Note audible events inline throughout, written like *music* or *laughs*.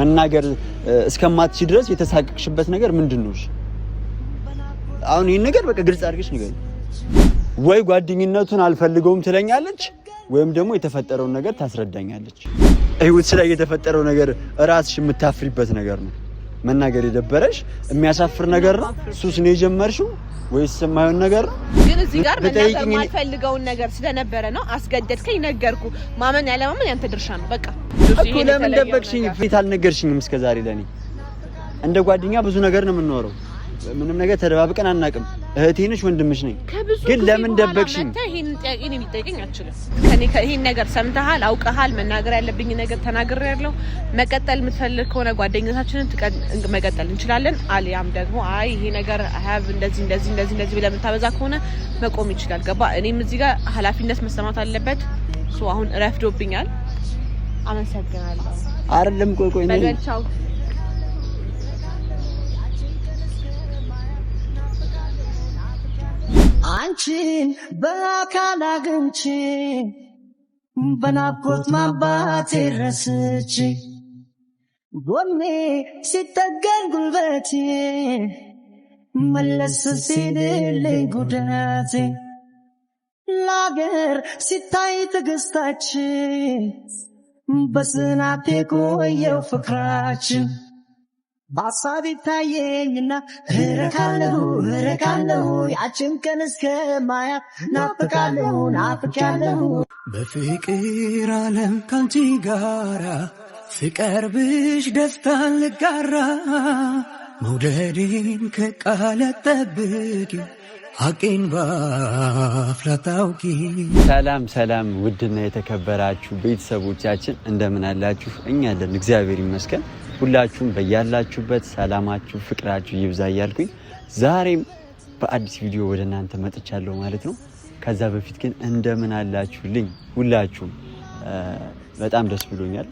መናገር እስከማትች ድረስ የተሳቀቅሽበት ነገር ምንድን ነው? አሁን ይህን ነገር በቃ ግልጽ አድርገሽ ንገሪ። ወይ ጓደኝነቱን አልፈልገውም ትለኛለች ወይም ደግሞ የተፈጠረውን ነገር ታስረዳኛለች። ህይወት ላይ የተፈጠረው ነገር እራስሽ የምታፍሪበት ነገር ነው። መናገር የደበረሽ የሚያሳፍር ነገር ነው? ሱስ ነው የጀመርሽው ወይስ የማይሆን ነገር ነው? ግን እዚህ ጋር መናገር የማልፈልገውን ነገር ስለነበረ ነው አስገደድከኝ። ነገርኩ። ማመን ያለ ማመን ያንተ ድርሻ ነው። በቃ እኮ ለምን ደበቅሽኝ? ፊት አልነገርሽኝም እስከዛሬ ለኔ እንደ ጓደኛ ብዙ ነገር ነው የምንኖረው። ምንም ነገር ተደባብቀን አናውቅም። እህቴ ነሽ ወንድምሽ ነኝ፣ ግን ለምን ደበቅሽኝ? ይሄን ይሄን ነገር ሰምተሃል፣ አውቀሃል፣ መናገር ያለብኝ ነገር ተናግሬ ያለው። መቀጠል የምትፈልግ ከሆነ ጓደኝነታችንን መቀጠል እንችላለን፣ አሊያም ደግሞ አይ ይሄ ነገር ሀብ እንደዚህ እንደዚህ እንደዚህ እንደዚህ ብለህ የምታበዛ ከሆነ መቆም ይችላል። ገባ? እኔም እዚህ ጋር ኃላፊነት መሰማት አለበት። አሁን ረፍዶብኛል። አመሰግናለሁ። አይደለም ቆይ ቆይ አንቺን በአካል አግኝቼ በናፍቆት ማባቴ ረስቼ ጎኔ ሲጠገን ጉልበቴ መለስ ሲልልኝ ጉዳቴ ለአገር ሲታይ ትግስታችን በስናቴ ቆየው ፍቅራችን በሀሳብ ይታየኝና እረካለሁ እረካለሁ ያችን ቀን እስከማያ ናፍቃለሁ ናፍቃለሁ በፍቅር አለም ካንቺ ጋራ ስቀርብሽ ደስታን ልጋራ መውደድን ከቃላት ጠብቂ ሐቄን ባፍላታውቂ። ሰላም ሰላም! ውድና የተከበራችሁ ቤተሰቦቻችን እንደምን አላችሁ? እኛ አለን፣ እግዚአብሔር ይመስገን። ሁላችሁም በያላችሁበት ሰላማችሁ፣ ፍቅራችሁ ይብዛ እያልኩኝ ዛሬም በአዲስ ቪዲዮ ወደ እናንተ መጥቻለሁ ማለት ነው። ከዛ በፊት ግን እንደምን አላችሁልኝ ሁላችሁም? በጣም ደስ ብሎኛል።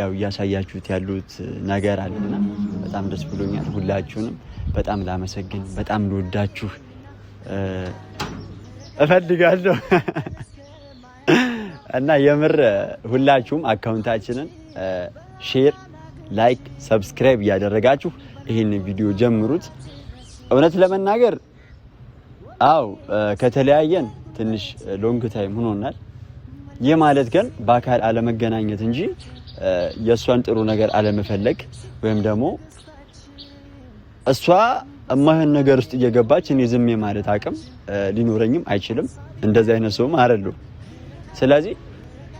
ያው እያሳያችሁት ያሉት ነገር አለና በጣም ደስ ብሎኛል። ሁላችሁንም በጣም ላመሰግን በጣም ልወዳችሁ እፈልጋለሁ *laughs* እና የምር ሁላችሁም አካውንታችንን ሼር ላይክ፣ ሰብስክራይብ እያደረጋችሁ ይህን ቪዲዮ ጀምሩት። እውነት ለመናገር አው ከተለያየን ትንሽ ሎንግ ታይም ሆኖናል። ይህ ማለት ግን በአካል አለመገናኘት እንጂ የእሷን ጥሩ ነገር አለመፈለግ ወይም ደግሞ እሷ እማህን ነገር ውስጥ እየገባች እኔ ዝም የማለት አቅም ሊኖረኝም አይችልም። እንደዚህ አይነት ሰውም አይደለሁም። ስለዚህ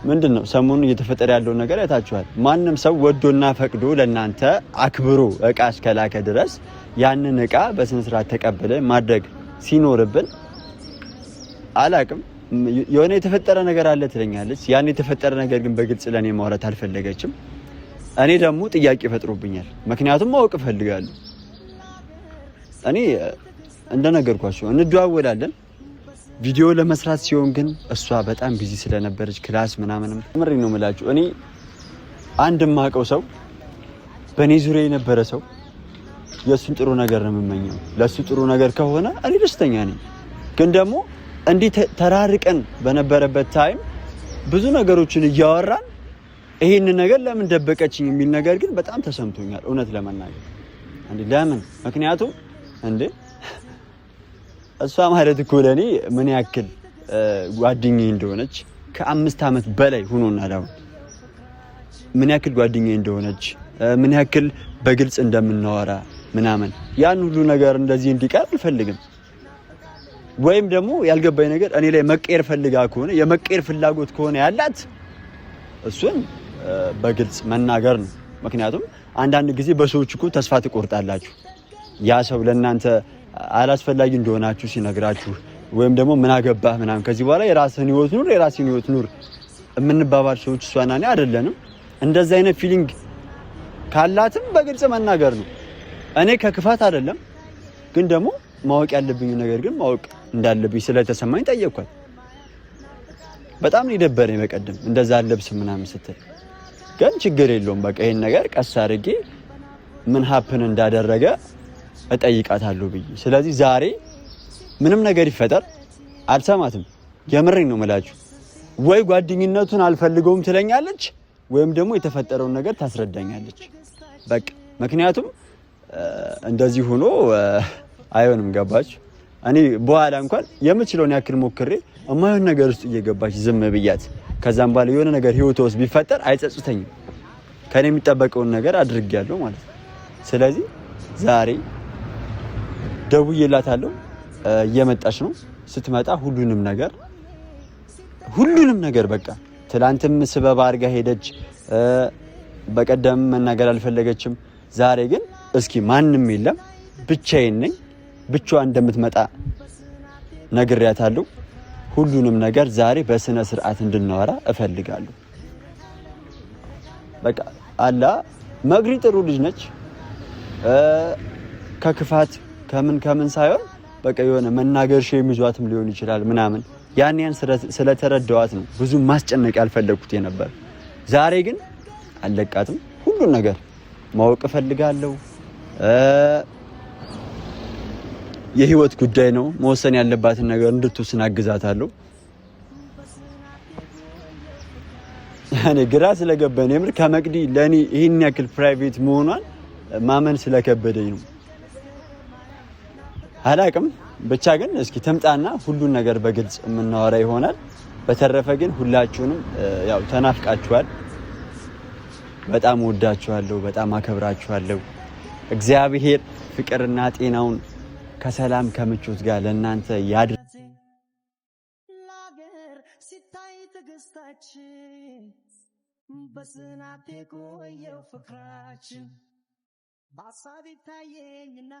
ምንድን ነው ሰሞኑ እየተፈጠረ ያለውን ነገር አይታችኋል። ማንም ሰው ወዶና ፈቅዶ ለእናንተ አክብሮ እቃ እስከላከ ድረስ ያንን እቃ በስነስርዓት ተቀብለ ማድረግ ሲኖርብን አላቅም የሆነ የተፈጠረ ነገር አለ ትለኛለች። ያን የተፈጠረ ነገር ግን በግልጽ ለእኔ ማውራት አልፈለገችም። እኔ ደግሞ ጥያቄ ፈጥሮብኛል ምክንያቱም ማወቅ እፈልጋለሁ። እኔ እንደነገርኳቸው እንደዋወላለን ቪዲዮ ለመስራት ሲሆን ግን እሷ በጣም ቢዚ ስለነበረች ክላስ ምናምንም ምሪ ነው የምላችሁ። እኔ አንድ የማውቀው ሰው በእኔ ዙሪያ የነበረ ሰው የእሱን ጥሩ ነገር ነው የምመኘው። ለእሱ ጥሩ ነገር ከሆነ እኔ ደስተኛ ነኝ። ግን ደግሞ እንዲህ ተራርቀን በነበረበት ታይም ብዙ ነገሮችን እያወራን ይህንን ነገር ለምን ደበቀችኝ የሚል ነገር ግን በጣም ተሰምቶኛል፣ እውነት ለመናገር ለምን ምክንያቱም እንዴ እሷ ማለት እኮ ለእኔ ምን ያክል ጓደኛዬ እንደሆነች ከአምስት ዓመት በላይ ሆኖናል። አሁን ምን ያክል ጓደኛዬ እንደሆነች ምን ያክል በግልጽ እንደምናወራ ምናምን ያን ሁሉ ነገር እንደዚህ እንዲቀር አልፈልግም። ወይም ደግሞ ያልገባኝ ነገር እኔ ላይ መቀየር ፈልጋ ከሆነ የመቀየር ፍላጎት ከሆነ ያላት እሱን በግልጽ መናገር ነው። ምክንያቱም አንዳንድ ጊዜ በሰዎች እኮ ተስፋ ትቆርጣላችሁ። ያ ሰው ለእናንተ አላስፈላጊ እንደሆናችሁ ሲነግራችሁ ወይም ደግሞ ምን አገባህ ምናምን ከዚህ በኋላ የራስህን ህይወት ኑር የራስህን ህይወት ኑር የምንባባል ሰዎች እሷና እኔ አይደለንም። እንደዚ አይነት ፊሊንግ ካላትም በግልጽ መናገር ነው። እኔ ከክፋት አይደለም፣ ግን ደግሞ ማወቅ ያለብኝ ነገር ግን ማወቅ እንዳለብኝ ስለተሰማኝ ጠየቅኳት። በጣም ነው የደበረኝ በቀደም እንደዛ አለብስ ምናምን ስትል፣ ግን ችግር የለውም በቃ ይህን ነገር ቀስ አድርጌ ምን ሀፕን እንዳደረገ እጠይቃታለሁ ብዬ። ስለዚህ ዛሬ ምንም ነገር ይፈጠር አልሰማትም። የምሬን ነው የምላችሁ። ወይ ጓደኝነቱን አልፈልገውም ትለኛለች፣ ወይም ደግሞ የተፈጠረውን ነገር ታስረዳኛለች። በቃ ምክንያቱም እንደዚህ ሆኖ አይሆንም። ገባች። እኔ በኋላ እንኳን የምችለውን ያክል ሞክሬ የማይሆን ነገር ውስጥ እየገባች ዝም ብያት፣ ከዛም በኋላ የሆነ ነገር ህይወት ውስጥ ቢፈጠር አይጸጽተኝም። ከኔ የሚጠበቀውን ነገር አድርጌያለሁ ማለት ነው። ስለዚህ ዛሬ ደውዬላታለሁ። እየመጣች ነው። ስትመጣ ሁሉንም ነገር ሁሉንም ነገር በቃ ትላንትም ስበባ አድርጋ ሄደች። በቀደም መናገር አልፈለገችም። ዛሬ ግን እስኪ ማንም የለም ብቻዬን ነኝ ብቻዋ እንደምትመጣ ነግሬያታለሁ። ሁሉንም ነገር ዛሬ በስነ ስርዓት እንድናወራ እፈልጋለሁ። በቃ አላ መግሪ ጥሩ ልጅ ነች ከክፋት ከምን ከምን ሳይሆን በቃ የሆነ መናገር ሽ የሚዟትም ሊሆን ይችላል ምናምን ያን ያን ስለተረዳዋት ነው ብዙ ማስጨነቅ ያልፈለግኩት የነበር። ዛሬ ግን አለቃትም ሁሉን ነገር ማወቅ እፈልጋለሁ። የህይወት ጉዳይ ነው። መወሰን ያለባትን ነገር እንድትወስን አግዛታለሁ። እኔ ግራ ስለገባኝ የምር ከመቅዲ ለእኔ ይህን ያክል ፕራይቬት መሆኗን ማመን ስለከበደኝ ነው። አላቅም ብቻ ግን እስኪ ትምጣና ሁሉን ነገር በግልጽ የምናወራ ይሆናል። በተረፈ ግን ሁላችሁንም ያው ተናፍቃችኋል። በጣም ወዳችኋለሁ፣ በጣም አከብራችኋለሁ። እግዚአብሔር ፍቅርና ጤናውን ከሰላም ከምቾት ጋር ለእናንተ ያድር። በስናቴ ቆየው ፍቅራችን በሀሳብ ይታየኝና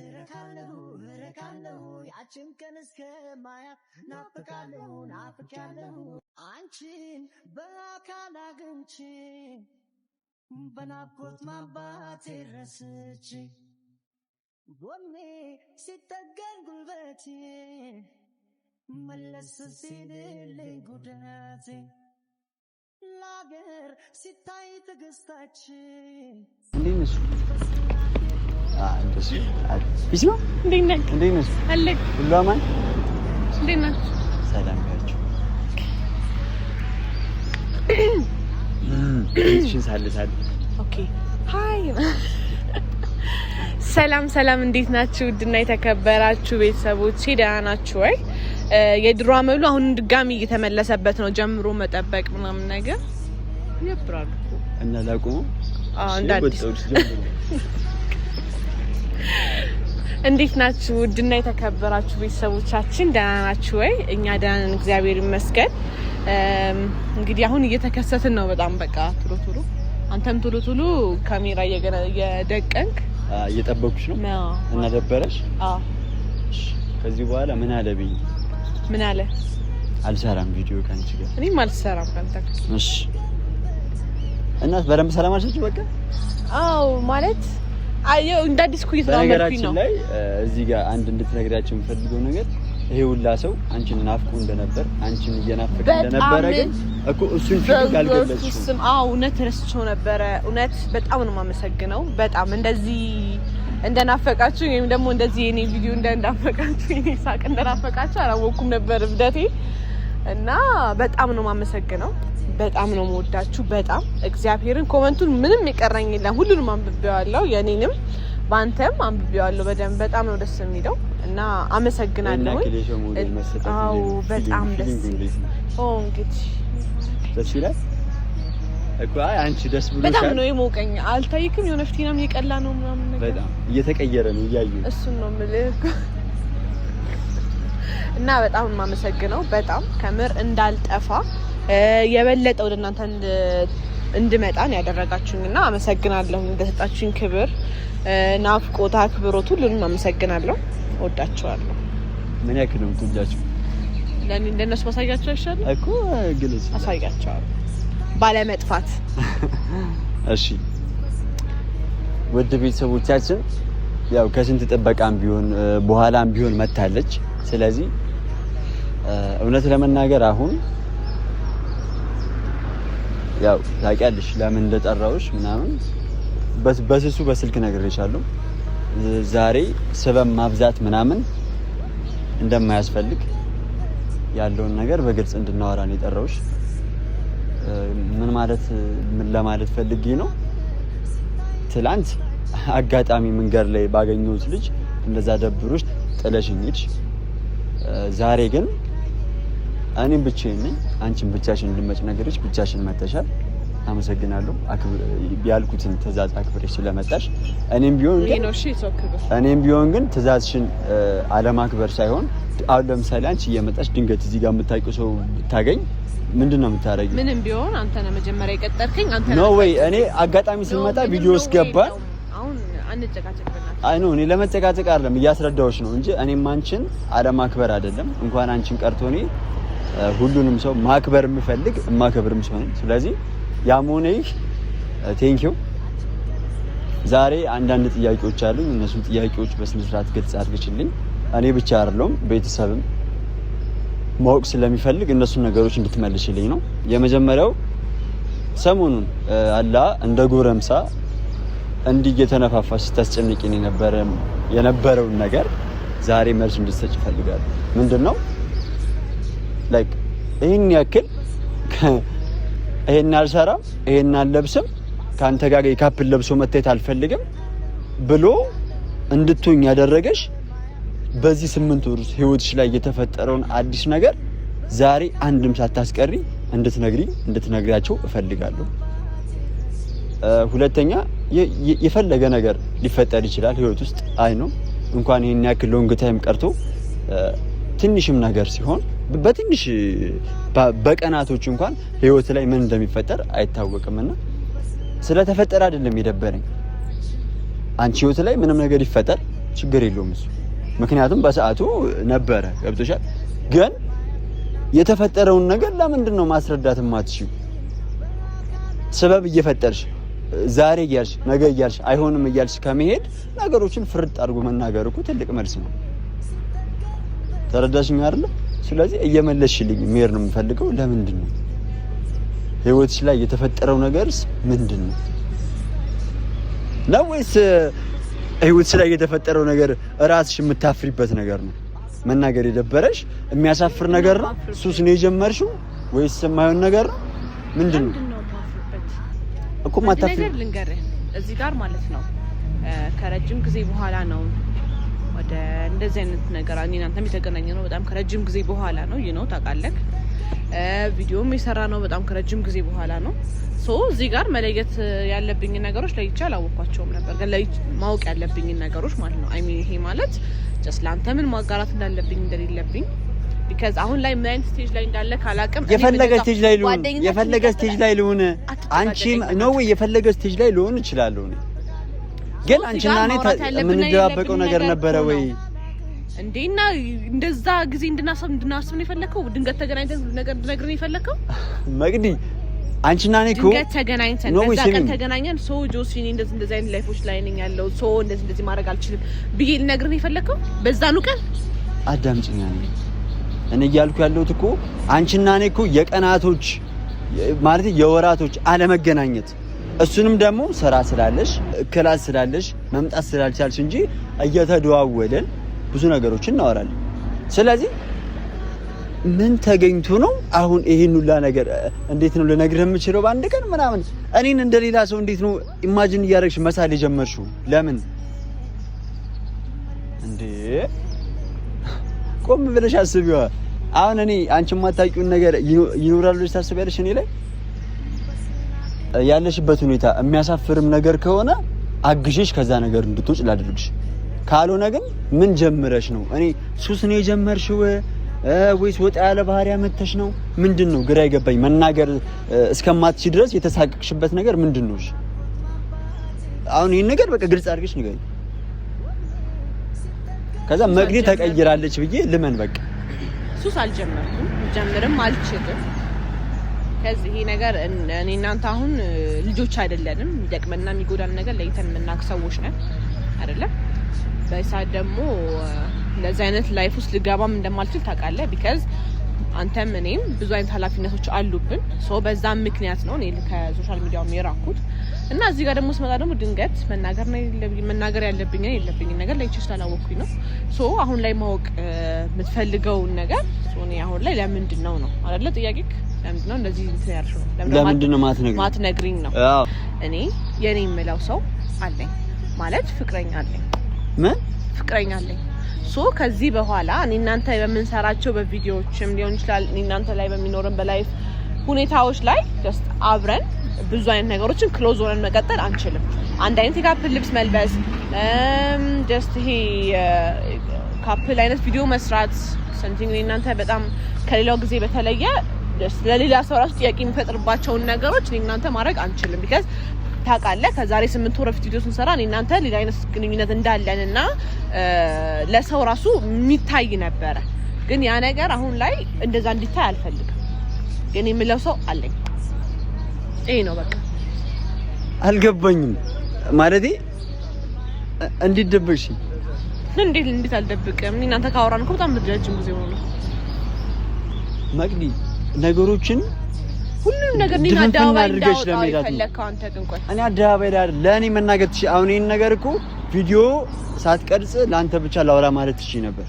እረካለሁ እረካለሁ ያችን ቀን እስከማያት ናፍቃለሁ ናፍቃለሁ አንቺን በአካል አግኝቼ በናፍቆት ማባቴ ረስቼ ጎኔ ሲጠገን ጉልበቴ መለስ ሲልልኝ ጉዳቴ ለአገር ሲታይ ትዕግስታችን ሰላም ሰላም፣ እንዴት ናችሁ? ውድና የተከበራችሁ ቤተሰቦቼ ደህና ናችሁ ወይ? የድሮ አመሉ አሁን ድጋሚ እየተመለሰበት ነው። ጀምሮ መጠበቅ ምናምን ነገር ያብራሉ እና ላቁሙ እንደ አዲስ እንዴት ናችሁ? ውድና የተከበራችሁ ቤተሰቦቻችን ደህና ናችሁ ወይ? እኛ ደህና ነን፣ እግዚአብሔር ይመስገን። እንግዲህ አሁን እየተከሰትን ነው። በጣም በቃ ቶሎ ቶሎ አንተም ቶሎ ቶሎ ካሜራ እየደቀንክ እየጠበኩሽ ነው እና ደበረሽ። ከዚህ በኋላ ምን አለ ብኝ? ምን አለ አልሰራም ቪዲዮ ከአንቺ ጋር እኔም አልሰራም ከአንተ ጋር። እሺ። እና በደንብ ሰላም አልሻችሁ? በቃ አዎ ማለት አየው እንደ አዲስ ኩይት ነው። ነገራችን ላይ እዚህ ጋር አንድ እንድትነግራቸው የምፈልገው ነገር ይሄ ሁላ ሰው አንቺን ናፍቆ እንደነበር አንቺም እየናፈቀ እንደነበረ ግን እኮ እሱን ፊት አልገለጽሽም። አዎ እውነት ረስቼው ነበረ። እውነት በጣም ነው የማመሰግነው። በጣም እንደዚህ እንደናፈቃችሁ ወይም ደግሞ እንደዚህ የኔ ቪዲዮ እንደናፈቃችሁ የኔ ሳቅ እንደናፈቃችሁ አላወኩም ነበር እብደቴ እና በጣም ነው ማመሰግነው። በጣም ነው መወዳችሁ። በጣም እግዚአብሔርን ኮመንቱን ምንም የቀረኝ የለም። ሁሉንም አንብቤዋለሁ፣ የኔንም በአንተም አንብቤዋለሁ በደንብ። በጣም ነው ደስ የሚለው እና አመሰግናለሁ። አዎ በጣም ደስ እንግዲህ ደስ ይላል እኮ አይ አንቺ ደስ ብሎ በጣም ነው የሞቀኝ። አልታይክም የሆነ ፍቲናም የቀላ ነው ምናምን ነገር በጣም እየተቀየረ ነው እያየሁ እሱን ነው የምልህ እና በጣም የማመሰግነው በጣም ከምር እንዳልጠፋ የበለጠ ወደ እናንተ እንድመጣን ያደረጋችሁኝ እና አመሰግናለሁ። እንደሰጣችሁኝ ክብር፣ ናፍቆት፣ አክብሮት ሁሉንም አመሰግናለሁ። ወዳችኋለሁ። ምን ያክል ነው የምትወጃቸው? ለእኔ እንደነሱ ማሳያቸው አይሻልም እኮ ግልጽ አሳያቸዋለሁ፣ ባለመጥፋት። *laughs* እሺ ውድ ቤተሰቦቻችን ያው ከስንት ጥበቃም ቢሆን በኋላም ቢሆን መታለች። ስለዚህ እውነት ለመናገር አሁን ያው ታውቂያለሽ ለምን እንደጠራውሽ ምናምን በስሱ በስልክ ነግሬሻለሁ። ዛሬ ስበብ ማብዛት ምናምን እንደማያስፈልግ ያለውን ነገር በግልጽ እንድናወራ ነው የጠራውሽ። ምን ማለት ምን ለማለት ፈልጌ ነው፣ ትላንት አጋጣሚ መንገድ ላይ ባገኘሁት ልጅ እንደዛ ደብሮች ጥለሽኝ ሄድሽ። ዛሬ ግን እኔም ብቻዬን ነኝ። አንቺን ብቻሽን እንድመጭ ነገሮች ብቻሽን መተሻል። አመሰግናለሁ። ያልኩትን ትዕዛዝ አክብረሽ ስለመጣሽ እኔም ቢሆን ግን እኔም ቢሆን ግን ትዕዛዝሽን አለማክበር ሳይሆን አሁን ለምሳሌ አንቺ እየመጣሽ ድንገት እዚህ ጋር የምታውቂው ሰው ብታገኝ ምንድን ነው የምታደርጊው? ምንም ቢሆን አንተ ነህ መጀመሪያ የቀጠርከኝ አንተ ነው ወይ? እኔ አጋጣሚ ስንመጣ ቪዲዮ ውስጥ ገባ። አሁን ብና አይ ነው እኔ ለመጨቃጨቅ አይደለም እያስረዳዎች ነው እንጂ እኔም አንቺን አለማክበር አይደለም። እንኳን አንቺን ቀርቶ እኔ ሁሉንም ሰው ማክበር የምፈልግ የማከብርም ሰው ነኝ። ስለዚህ ያሞኔ ቴንኪዩ። ዛሬ አንዳንድ ጥያቄዎች አሉ። እነሱም ጥያቄዎች በስነስርዓት ግልጽ አድርግችልኝ። እኔ ብቻ አይደለሁም ቤተሰብም ማወቅ ስለሚፈልግ እነሱን ነገሮች እንድትመልሽልኝ ነው። የመጀመሪያው ሰሞኑን አላ እንደ ጎረምሳ እንዲህ እየተነፋፋ ስታስጨንቂን የነበረውን ነገር ዛሬ መልስ እንድትሰጭ ይፈልጋል። ምንድን ነው ላይክ ይህን ያክል ይሄን አልሰራም፣ ይሄን አልለብስም፣ ከአንተ ጋር የካፕል ለብሶ መታየት አልፈልግም ብሎ እንድትሆኝ ያደረገሽ በዚህ ስምንት ወር ህይወትሽ ላይ የተፈጠረውን አዲስ ነገር ዛሬ አንድም ሳታስቀሪ እንድትነግሪ እንድትነግሪያቸው እፈልጋለሁ። ሁለተኛ የፈለገ ነገር ሊፈጠር ይችላል ህይወት ውስጥ አይ ነው እንኳን ይህን ያክል ሎንግ ታይም ቀርቶ ትንሽም ነገር ሲሆን በትንሽ በቀናቶች እንኳን ህይወት ላይ ምን እንደሚፈጠር አይታወቅምና ስለተፈጠረ አይደለም የደበረኝ። አንቺ ህይወት ላይ ምንም ነገር ይፈጠር ችግር የለውም እሱ ምክንያቱም በሰዓቱ ነበረ። ገብቶሻል። ግን የተፈጠረውን ነገር ለምንድን ነው ማስረዳት ማትሽ ስበብ እየፈጠርሽ ዛሬ እያልሽ ነገ እያልሽ አይሆንም እያልሽ ከመሄድ ነገሮችን ፍርጥ አድርጎ መናገር እኮ ትልቅ መልስ ነው። ተረዳሽኝ አይደለ? ስለዚህ እየመለስሽልኝ መሄድ ነው የምፈልገው። ለምንድን ነው ህይወትሽ ላይ የተፈጠረው ነገርስ ምንድን ነው? ነው ወይስ ህይወትሽ ላይ የተፈጠረው ነገር እራስሽ የምታፍሪበት ነገር ነው? መናገር የደበረሽ የሚያሳፍር ነገር ነው? ሱስ ነው የጀመርሽው ወይስ የማይሆን ነገር ነው? ምንድን ነው? እኮ ነገር ልንገርህ እዚህ ጋር ማለት ነው ከረጅም ጊዜ በኋላ ነው ወደ እንደዚህ አይነት ነገር እኔ እናንተም የተገናኘ ነው በጣም ከረጅም ጊዜ በኋላ ነው ይህ ነው ታውቃለህ ቪዲዮም የሰራ ነው በጣም ከረጅም ጊዜ በኋላ ነው ሶ እዚህ ጋር መለየት ያለብኝ ነገሮች ለይቼ አላወቅኳቸውም ነበር ግን ማወቅ ያለብኝን ነገሮች ማለት ነው አይ ሚን ይሄ ማለት ጀስት ለአንተ ምን ማጋራት እንዳለብኝ እንደሌለብኝ ቢካዝ አሁን ላይ ምን ስቴጅ ላይ እንዳለ ካላቅም የፈለገ ስቴጅ ላይ ልሁን የፈለገ ስቴጅ ላይ ልሁን አንቺም ነው የፈለገ ስቴጅ ላይ ልሆን እችላለሁ። ግን አንቺና እኔ የምንደባበቀው ነገር ነበረ ወይ እንዴና እንደዛ ጊዜ እንድናስብ እንድናስብ ነው የፈለከው? ድንገት ተገናኝተን ነገር ነገር ነው የፈለከው? መግዲ አንቺና እኔ እኮ ድንገት ተገናኝተን በዛ ቀን ተገናኘን። ሶ ጆሲ እኔ እንደዚህ እንደዚህ አይነት ላይፎች ላይ ነኝ ያለው ሶ እንደዚህ እንደዚህ ማድረግ አልችልም ብዬ ልነግርህ ነው የፈለከው? በዛኑ ቀን አዳምጪኝ። እኔ እያልኩ ያለሁት እኮ አንቺና እኔ እኮ የቀናቶች ማለት የወራቶች አለመገናኘት እሱንም ደግሞ ስራ ስላለሽ ክላስ ስላለሽ መምጣት ስላልቻልሽ እንጂ እየተደዋወልን ብዙ ነገሮችን እናወራለን። ስለዚህ ምን ተገኝቶ ነው አሁን ይህን ሁላ ነገር እንዴት ነው ልነግርህ የምችለው በአንድ ቀን ምናምን? እኔን እንደ ሌላ ሰው እንዴት ነው ኢማጂን እያደረግሽ መሳል የጀመርሽው? ለምን እንዴ? ቆም ብለሽ አስቢዋ። አሁን እኔ አንቺ የማታውቂውን ነገር ይኖራሉ ብለሽ ታስቢያለሽ? እኔ ላይ ያለሽበት ሁኔታ የሚያሳፍርም ነገር ከሆነ አግሽሽ ከዛ ነገር እንድትወጭ ላድርግሽ። ካልሆነ ግን ምን ጀምረሽ ነው? እኔ ሱስ ነው የጀመርሽው ወይስ ወጣ ያለ ባህሪ መተሽ ነው? ምንድን ነው ግራ ይገባኝ። መናገር እስከማትች ድረስ የተሳቀቅሽበት ነገር ምንድን ነው? አሁን ይህን ነገር በቃ ግልጽ አድርገሽ ንገሪኝ። ከዛ መቅዲ ተቀይራለች ብዬ ልመን በቃ ሱስ አልጀመርኩም፣ ጀምርም አልችልም። ከዚህ ይሄ ነገር እኔ እናንተ አሁን ልጆች አይደለንም። የሚጠቅመንና የሚጎዳን ነገር ለይተን የምናውቅ ሰዎች ነን አይደለም። በሰዓት ደግሞ እንደዚህ አይነት ላይፍ ውስጥ ልገባም እንደማልችል ታውቃለህ። ቢካዝ አንተም እኔም ብዙ አይነት ኃላፊነቶች አሉብን። ሶ በዛም ምክንያት ነው እኔ ከሶሻል ሚዲያው የራኩት። እና እዚህ ጋር ደግሞ ስመጣ ደግሞ ድንገት መናገር መናገር ያለብኝ የለብኝን ነገር ላይ ችስ አላወቅኩኝ ነው። ሶ አሁን ላይ ማወቅ የምትፈልገውን ነገር እኔ አሁን ላይ ለምንድን ነው ነው አይደለ ጥያቄ ለምንድን ነው እንደዚህ እንትን ያልሽው ለምንድን ነው ማትነግሪኝ ነው? እኔ የእኔ የምለው ሰው አለኝ ማለት ፍቅረኛ አለኝ ምን ፍቅረኛ አለኝ ሶ ከዚህ በኋላ እኔ እናንተ በምንሰራቸው በቪዲዮዎችም ሊሆን ይችላል እናንተ ላይ በሚኖርም በላይፍ ሁኔታዎች ላይ ጀስት አብረን ብዙ አይነት ነገሮችን ክሎዝ ሆነን መቀጠል አንችልም። አንድ አይነት የካፕል ልብስ መልበስ ጀስት ይሄ ካፕል አይነት ቪዲዮ መስራት ሰምቲንግ እናንተ በጣም ከሌላው ጊዜ በተለየ ለሌላ ሰው ራሱ ጥያቄ የሚፈጥርባቸውን ነገሮች እናንተ ማድረግ አንችልም። ቢካዝ ታውቃለህ ከዛሬ ስምንት ወር በፊት ቪዲዮ ስንሰራ እናንተ ሌላ አይነት ግንኙነት እንዳለን እና ለሰው ራሱ የሚታይ ነበረ። ግን ያ ነገር አሁን ላይ እንደዛ እንዲታይ አልፈልግም። ግን የምለው ሰው አለኝ ይሄ ነው በቃ። አልገባኝም ማለት እንዴት ደበቅሽ? እንዴት እንዴት አልደብቅም። እናንተ ካወራን እኮ በጣም ጊዜ መቅዲ ነገሮችን ሁሉንም ነገር እኔን አደባባይ እንዳወጣው የፈለግከው አንተ ግን ቆይ እኔ አደባባይ ዳር ለእኔ መናገር ትችይ። አሁን ይሄን ነገር እኮ ቪዲዮ ሳትቀርጽ ለአንተ ብቻ ላውራ ማለት ትችይ ነበር።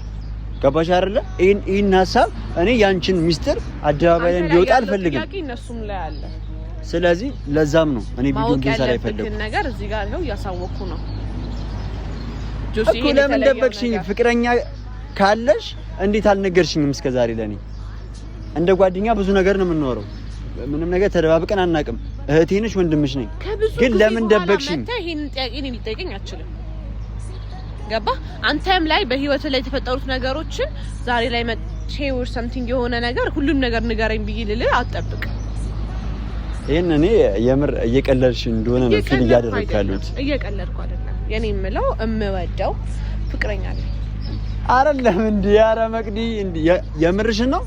ገባሽ አይደለ? ይህን ሀሳብ እኔ ያንቺን ሚስጥር አደባባይ ላይ እንዲወጣ አልፈልግም። እነሱም ላይ አለ ስለዚህ ለዛም ነው እኔ ቪዲዮ እንድንሰራ የፈለኩት ነገር እዚህ ጋር ነው እያሳወቅኩ ነው ጆሲ እኮ። ለምን ደበቅሽኝ? ፍቅረኛ ካለሽ እንዴት አልነገርሽኝም? እስከ ዛሬ ለእኔ እንደ ጓደኛ ብዙ ነገር ነው የምንኖረው። ምንም ነገር ተደባብቀን አናውቅም። እህቴ ነሽ፣ ወንድምሽ ነኝ። ግን ለምን ደበቅሽኝ? ይሄንን ጥያቄ እኔን ሊጠይቀኝ አልችልም። ገባ? አንተም ላይ በህይወት ላይ የተፈጠሩት ነገሮችን ዛሬ ላይ መቼ ወር ሰምቲንግ የሆነ ነገር ሁሉም ነገር ንገረኝ ብዬ ልልህ አትጠብቅ ይህን እኔ የምር እየቀለልሽ እንደሆነ ነው ፊል እያደረግ ካሉት እየቀለልኩ አይደለም። የኔ የምለው የምወደው ፍቅረኛ አለ አይደለም እንዲ ያረ መቅዲ የምርሽን ነው።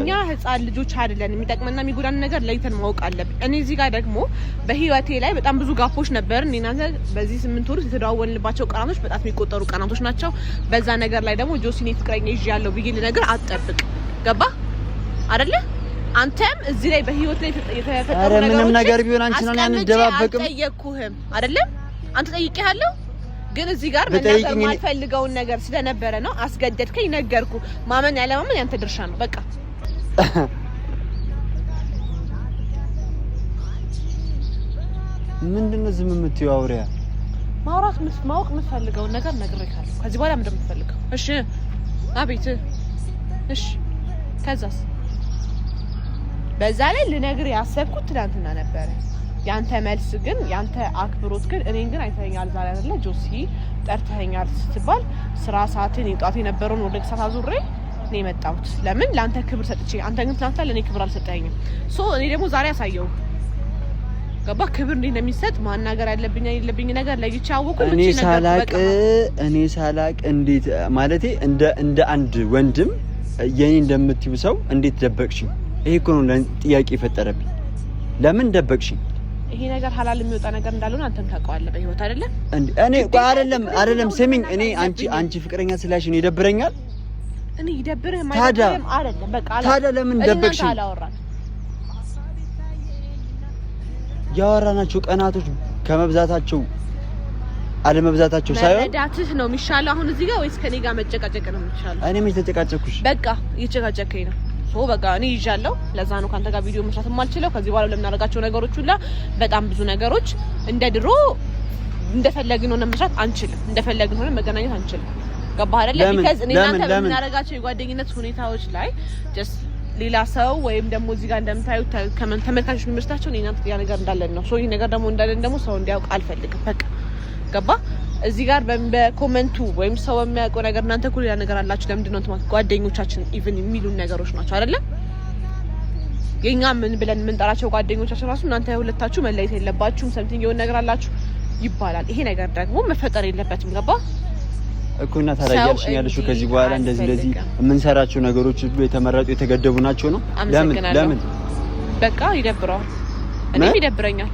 እኛ ህፃን ልጆች አይደለን። የሚጠቅመና የሚጎዳን ነገር ለይተን ማወቅ አለብን። እኔ እዚህ ጋር ደግሞ በህይወቴ ላይ በጣም ብዙ ጋፎች ነበር። እናንተ በዚህ ስምንት ወር የተደዋወልንባቸው ቀናቶች በጣም የሚቆጠሩ ቀናቶች ናቸው። በዛ ነገር ላይ ደግሞ ጆሲኔ ፍቅረኛ ይዤ ያለው ብዬ ነገር አጠብቅ ገባ አይደለ? አንተም እዚህ ላይ በህይወት ላይ የተፈጠሩ ምንም ነገር ቢሆን አንቺ አንቺን አንደባበቅም። አልጠየቅኩህም አይደለም? አንተ ጠይቄሃለሁ ግን እዚህ ጋር መናገር የማልፈልገውን ነገር ስለነበረ ነው። አስገደድከኝ፣ ነገርኩ። ማመን ያለ ማመን ያንተ ድርሻ ነው። በቃ *laughs* ምንድነው ዝም የምትይው? አውሪያ ማውራት ማወቅ የምትፈልገውን ነገር ነግሬካለሁ። ከዚህ በኋላ ምንድን የምትፈልገው? እሺ አቤት። እሺ ከዛስ በዛ ላይ ልነግር ያሰብኩት ትናንትና ነበረ። ያንተ መልስ ግን ያንተ አክብሮት ግን እኔን ግን አይተኛል። ዛሬ አይደለ ጆሲ ጠርተኛል ስትባል ስራ ሰዓትን የጧት የነበረውን ወደ ግሳት አዙሬ ነው የመጣሁት። ለምን ለአንተ ክብር ሰጥቼ፣ አንተ ግን ትናንትና ለእኔ ክብር አልሰጠኝም። ሶ እኔ ደግሞ ዛሬ አሳየው። ገባ ክብር እንዴት እንደሚሰጥ ማናገር ያለብኝ የለብኝ ነገር ለይቼ አወኩ። እኔ ሳላቅ እኔ ሳላቅ እንዴት ማለቴ እንደ እንደ አንድ ወንድም የኔ እንደምትዩ ሰው እንዴት ደበቅሽኝ? ይሄ እኮ ነው ጥያቄ የፈጠረብኝ። ለምን ደበቅሽኝ? ይሄ ነገር ሀላል የሚወጣ ነገር እንዳልሆነ አንተም ታውቀዋለህ በህይወት አይደለ እንዴ? እኔ እኮ አይደለም አይደለም፣ ስሚኝ። እኔ አንቺ አንቺ ፍቅረኛ ስላሽ እኔ ይደብረኛል። እኔ ይደብርህ ማለት አይደለም። በቃ ታዲያ ለምን ደበቅሽኝ? ያወራናቸው ቀናቶች ከመብዛታቸው አለመብዛታቸው ሳይሆን መረዳትህ ነው የሚሻለው። አሁን እዚህ ጋር ወይስ ከኔ ጋር መጨቃጨቅ ነው የሚሻለው? እኔ ምን ተጨቃጨቅኩሽ? በቃ እየጨቃጨከኝ ነው ሶ በቃ እኔ ይዣለሁ። ለዛ ነው ካንተ ጋር ቪዲዮ መስራት የማልችለው። ከዚህ በኋላ ለምናደርጋቸው ነገሮች ሁላ በጣም ብዙ ነገሮች እንደ ድሮ እንደፈለግን ሆነ መስራት አንችልም። እንደፈለግን ሆነ መገናኘት አንችልም። ገባህ አይደለ? ቢካዝ እኔ እናንተ የምናደርጋቸው የጓደኝነት ሁኔታዎች ላይ ጀስት ሌላ ሰው ወይም ደግሞ እዚህ ጋር እንደምታዩት ተመልካቾች የሚመስላቸው እኔ እናንተ ያ ነገር እንዳለን ነው። ሶ ይህ ነገር ደግሞ እንዳለን ደግሞ ሰው እንዲያውቅ አልፈልግም። በቃ ገባ እዚህ ጋር በኮመንቱ ወይም ሰው የሚያውቀው ነገር እናንተ እኮ ሌላ ነገር አላችሁ ለምንድን ነው ጓደኞቻችን ኢቭን የሚሉን ነገሮች ናቸው አይደለም የእኛ ምን ብለን የምንጠራቸው ጓደኞቻችን ራሱ እናንተ ሁለታችሁ መለየት የለባችሁም ሰምቲንግ የሆነ ነገር አላችሁ ይባላል። ይሄ ነገር ደግሞ መፈጠር የለበትም። ገባ እኮ እና ታራያሽ ያለሽው ከዚህ በኋላ እንደዚህ እንደዚህ የምንሰራቸው ነገሮች ሁሉ የተመረጡ የተገደቡ ናቸው ነው። ለምን ለምን በቃ ይደብረዋል፣ እኔም ይደብረኛል።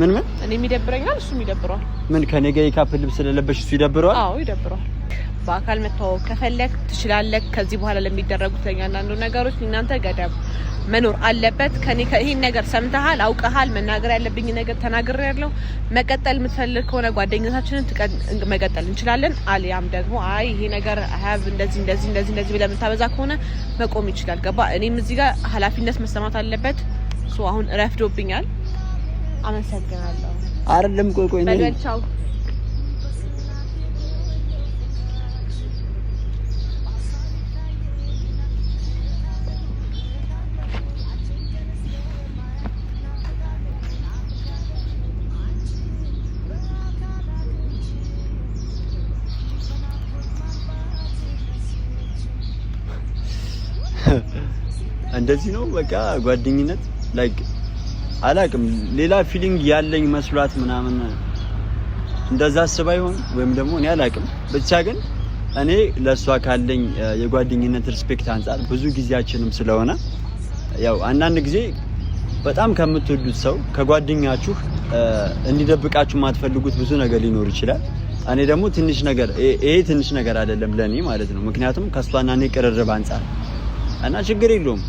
ምን ምን እኔ የሚደብረኛል እሱም ይደብረዋል። ምን ከኔ ጋር የካፕ ልብስ ስለለበሽ እሱ ይደብረዋል? አዎ ይደብረዋል። በአካል መተዋወቅ ከፈለግ ትችላለህ። ከዚህ በኋላ ለሚደረጉት አንዳንዱ ነገሮች እናንተ ገደብ መኖር አለበት። ከኔ ይሄን ነገር ሰምተሃል፣ አውቀሃል፣ መናገር ያለብኝ ነገር ተናግሬ ያለው መቀጠል የምትፈልግ ከሆነ ጓደኝነታችንን መቀጠል እንችላለን። አሊያም ደግሞ አይ ይሄ ነገር ሀብ እንደዚህ እንደዚህ እንደዚህ እንደዚህ ብለህ የምታበዛ ከሆነ መቆም ይችላል። ገባ እኔም እዚህ ጋር ኃላፊነት መሰማት አለበት። አሁን ረፍዶብኛል። አመሰግናለሁ። አይደለም ቆይ ቆይ ነው *laughs* እንደዚህ ነው በቃ ጓደኝነት ላይክ አላቅም ሌላ ፊሊንግ ያለኝ መስሏት ምናምን እንደዛ አስባ ይሆን ወይም ደግሞ እኔ አላቅም። ብቻ ግን እኔ ለእሷ ካለኝ የጓደኝነት ሪስፔክት አንጻር ብዙ ጊዜያችንም ስለሆነ ያው አንዳንድ ጊዜ በጣም ከምትወዱት ሰው ከጓደኛችሁ እንዲደብቃችሁ የማትፈልጉት ብዙ ነገር ሊኖር ይችላል። እኔ ደግሞ ትንሽ ነገር ይሄ ትንሽ ነገር አይደለም ለእኔ ማለት ነው። ምክንያቱም ከእሷና እኔ ቅርርብ አንጻር እና ችግር የለውም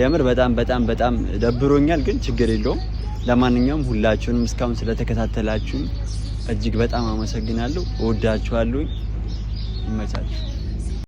የምር በጣም በጣም በጣም ደብሮኛል፣ ግን ችግር የለውም። ለማንኛውም ሁላችሁንም እስካሁን ስለተከታተላችሁ እጅግ በጣም አመሰግናለሁ። እወዳችኋለሁ። ይመቻችሁ።